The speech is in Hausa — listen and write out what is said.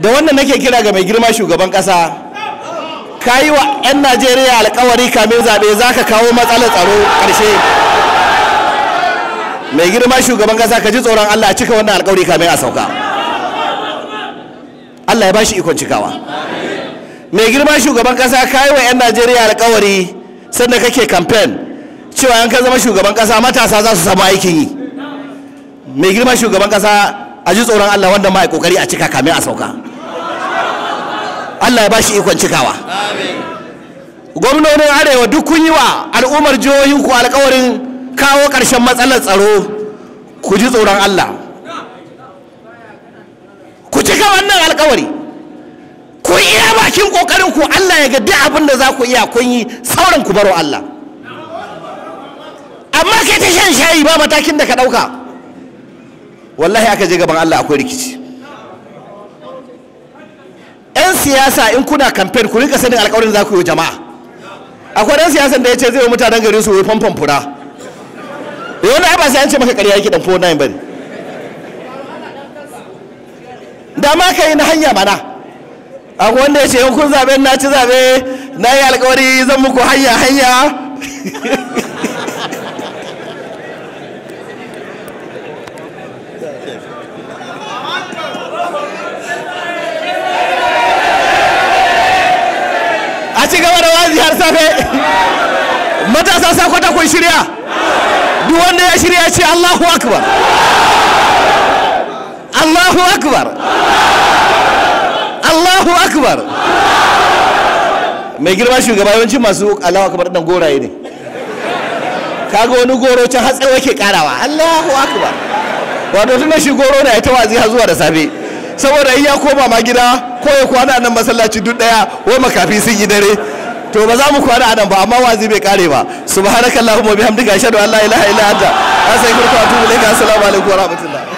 da wannan nake kira ga mai girma shugaban kasa ka yi wa 'yan najeriya alkawari kamin zaɓe za ka kawo matsalar tsaro ƙarshe mai girma shugaban kasa ka ji tsoron allah cika wannan alkawari kamin a sauka allah ya ba shi ikon cikawa mai girma shugaban kasa ka yi wa 'yan najeriya alkawari sannan kake kamfen cewa yan ka zama shugaban kasa matasa za su samu aikin yi mai girma shugaban kasa a ji tsoron allah wanda ma a kokari a cika kamin a sauka Allah ya bashi ikon cikawa gwamnonin arewa duk kun yi wa al'ummar jihohin ku alƙawarin kawo ƙarshen matsalar tsaro ku ji tsoron Allah ku cika wannan alƙawari ku iya bakin kokarin ku Allah ya ga duk abin da za ku iya kun yi sauran ku baro Allah amma kai ta shan shayi ba matakin da ka ɗauka wallahi aka je gaban Allah akwai rikici 'yan siyasa in kuna kamfen ku rika sanin alkawarin za ku yi jama'a akwai ɗan siyasan da ya ce zai wa mutanen gari su yi famfan fura da wani ba sai an ce maka ƙarya yake dan fo nine bane da ma ka yi na hanya mana akwai wanda ya ce in kun zaɓe na ci zaɓe na yi alƙawari zan muku hanya hanya a ci gaba da wazi har safe matasa kwata kun shirya duk wanda ya shirya ce allahu akbar allahu akbar allahu akbar mai girma shugaba yawancin masu allahu akbar dan goraye ne kaga wani goro can hatsi wake karawa allahu akbar wato tun shi goro na ya ta wazi har zuwa da safe saboda in ya koma ma gida ko ya kwana nan masallaci duk daya wai makafi sun yi dare to ba za mu kwana anan ba amma wazi bai kare ba subhanakallahumma bihamdika ashhadu an la ilaha illa anta astaghfiruka wa atubu ilaik assalamu alaikum wa rahmatullah